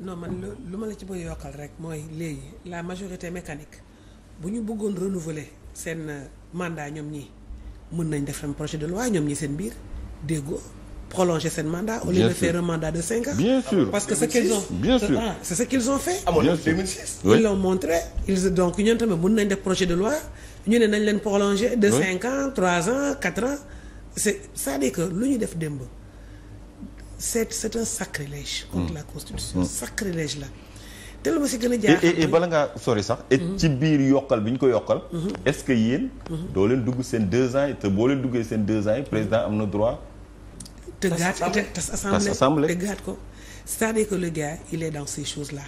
non man lu ma la ci bëgg yokkal rek mooy léegi la majorité mécanique bu ñu bëggoon renouveler seen euh, mandat ñoom ñii mën nañ def seen projet de loi ñoom ñi seen biir déggoo prolonger seen mandat. au lieu de faire mandat de cinq ah, parce que c'est ce qu'ils ont bien sûr ah, c'est ce qu'ils fait. ils l'ont montré ils donc ñoom tamit mun nañ def projet de loi ñu ne nañ leen prolonger. de cinq ans trois ans quatre ans c'est c'est-à-dire que lu ñu def démb. c'est c'est un sacrilège. contre mm. la constitution. Mm. sacrilège la te lu ma si gën a jaaxal. et bala ngaa sori sax. et mm-hmm. ci biir yokkal bi ñu ko yokkal. Mm-hmm. est-ce que yéen. Mm-hmm. doo leen dugg seen deux ans yi te boo duggee seen deux ans yi président am na droit. te gaat tas assemblée te gaat ko c'est-à-dire il est dans ces choses là.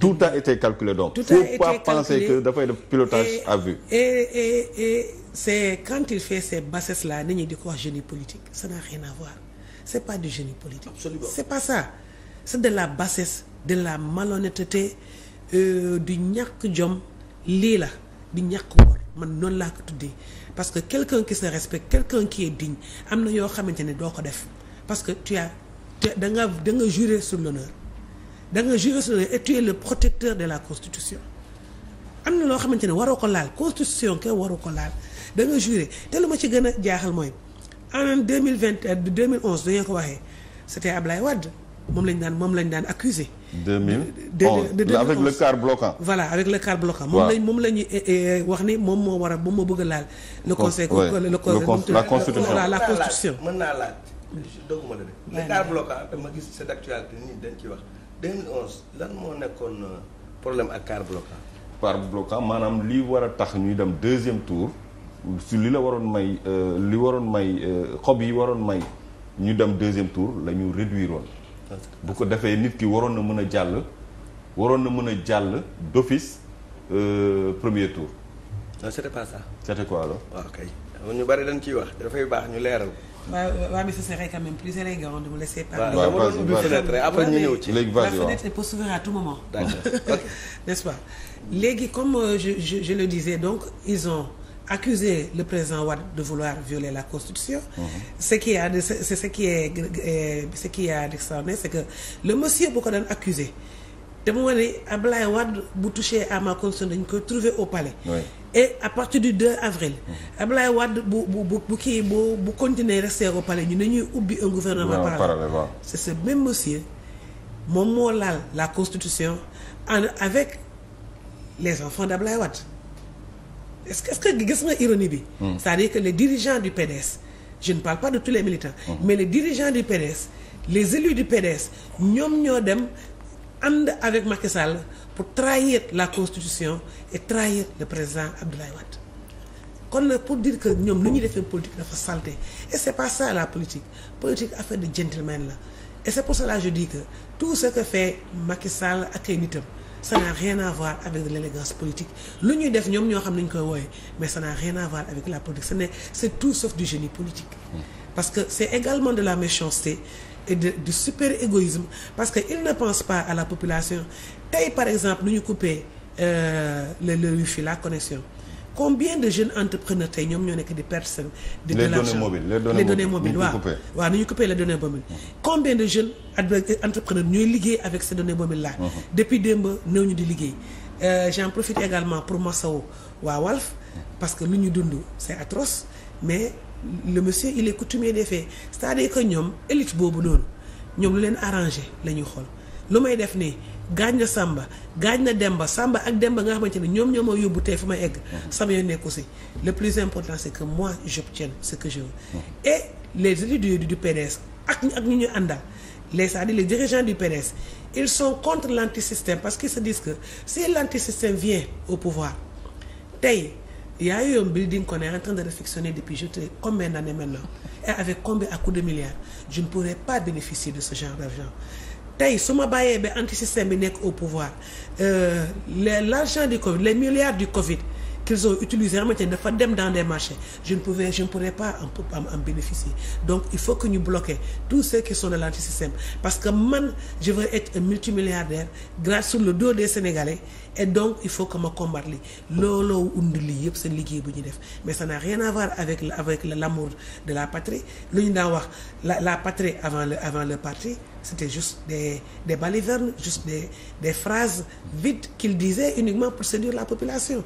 tout a été calculé donc. tout a été calculé faut pas penser que dafay def pilotage à vue. et et et c'est quand il fait ces bassesses là nit ñi di ko wax génie politique ça n'a c'est pas du génie politique. Absolument. c'est pas ça c'est de la bassesse de la malhonnêteté euh, du ñàkk jom lii la du ñàkk war man noonu laa ko tuddee parce que quelqu'un qui se respecte quelqu'un qui est am na yoo xamante ne doo ko def parce que tu as da nga da nga jurer sur l'honneur da nga jurer sur le protecteur de la constitution am na loo xamante ne waroo ko laal constitution ke waroo ko laal da nga jurer te lu ma ci gën a jaaxal mooy en 2021 de 2011 dañoo ko waxee c'était Ablaye Wade moom lañ daan moom lañ daan accusé. 2011 de, de, de, oh, avec le quart moom la eh, eh, wax ni moom moo war a moom moo bëgg a laal. le conseil oui. le, le conseil la constitution la constitution. mën naa laaj doguma la de. le quart bloquant dama gis cette actualité nii dañ ci wax 2011 lan moo nekkoon euh, problème ak quart bloquant. quart bloquant maanaam lii war a tax ñuy dem deuxième tour. si li la waroon may euh, li waroon may euh, xob yi waroon may ñu dem deuxième tour la ñu réduire bu ko defee nit ki waroon na mën a jàll waroon na mën a jàll d'office euh, premier tour non c'était pas ça c'était quoi alors waaw ah, kay ñu bari dañ ciy wax dafay baax ñu leeral waaw waaw mais ce serait quand même plus élégant de vous laisser parler. waaw waaw dama doon après ñu ñëw ci. léegi la fenêtre peut s'ouvrir à tout moment. d'accord n'est-ce pas léegi comme je je donc ils accuser le président Wade de vouloir violer la Constitution. Mmh. Ce qui a de ce qui est ce qui euh, a d'extraordinaire c'est que le monsieur bu ko doon accuser te mu wane Ablaye Wade bu touché à ma Constitution dañ koy au palais. Oui. et à partir du 2 avril. Mhm. Ablaye Wade bu bu kii bu bu continuer rester au palais ñu ne ñuy ubbi un gouvernement parallèle. c'est ce même monsieur moom moo laal la Constitution en avec les enfants d'Ablaye Wade. est-ce que est gis nga ironi bi. Hmm. c'est-à-dire que les dirigeants du PDS je ne parle pas de tous les militants. Hmm. mais les dirigeants du PDS les élus du PDS ñoom ñoo dem ànd avec Macky Sall pour trahir la constitution et trahir le président Abdoulaye Wade. kon nag pour dire que ñoom lu ñuy defee politique dafa salté et c'est pas ça la politique politique affaire de gentleman la et c'est pour cela je dis que tout ce que fait Macky ak ay nitam. ça n'a rien voir avec l'élégance politique lu ñuy def ñoom ñoo xam nañ koy wooye mais ça n'a rien à voir avec la politique ce n'est c'est tout sauf du génie politique parce que c'est également de la méchanceté et de du super égoïsme parce que il ne pense pas à la population tey par exemple nu ñu coupé euh, le le wifi la connexion combien de jeunes entrepreneurs tey ñoom ñoo nekk di perdre seen. de de l'argent les données mobiles waaw waaw nu ñu coupé les données mobiles. Mm-hmm. combien de jeunes entrepreneurs ñooy liggéey avec ces données mobiles là. Mm-hmm. depuis démb néew ñu di liggéey. Euh, j'en profite également pour masawu waa Walf parce que lu ñu dund c'est atroce mais le monsieur il est coutumier des faits cest à que ñoom élite boobu noonu ñoom lu leen arrangé la ñuy xool. lu may def nii gaañ na Samba gaañ na Demba Samba ak Demba nga xamante ne ñoom ñoo ma yóbbu tey fu ma egg. Mhm. sama yoon nekku si le plus important c'est que moi j'obtienne ce ci je veux. Mhm. et les élus du PDS ak ak ñu ñu àndal les c'est-à-dire les dirigeants du PDS ils sont contre parce qu'ils se disent que si l'antisystème vient au pouvoir tey Yaya Yom Building qu'on est en de réfectionner depuis je te combien d'années maintenant et avec combien à coup de milliards je ne pourrais pas bénéficier de ce genre d'argent tey su ma bàyyee ba antisystème bi nekk au pouvoir euh, l'argent du Covid le milliards du Covid qu'ils ont utilisé xamante ne dafa dem dans des marchés je ne pouvais je ne pourrais pas en bénéficier donc il faut que ñu bloquer tous ceux qui sont de l'antisystème parce que man je veux être un multimilliardaire grâce sur le dos des Sénégalais et donc il faut que ma combattre li looloo undi lii yëpp seen liggéey bu ñu def mais ça n'a rien à voir avec avec l'amour de la patrie lu ñu daan wax la la patrie avant le avant le parti c'était juste des des balivernes juste des des phrases vides qu'ils disaient uniquement pour la population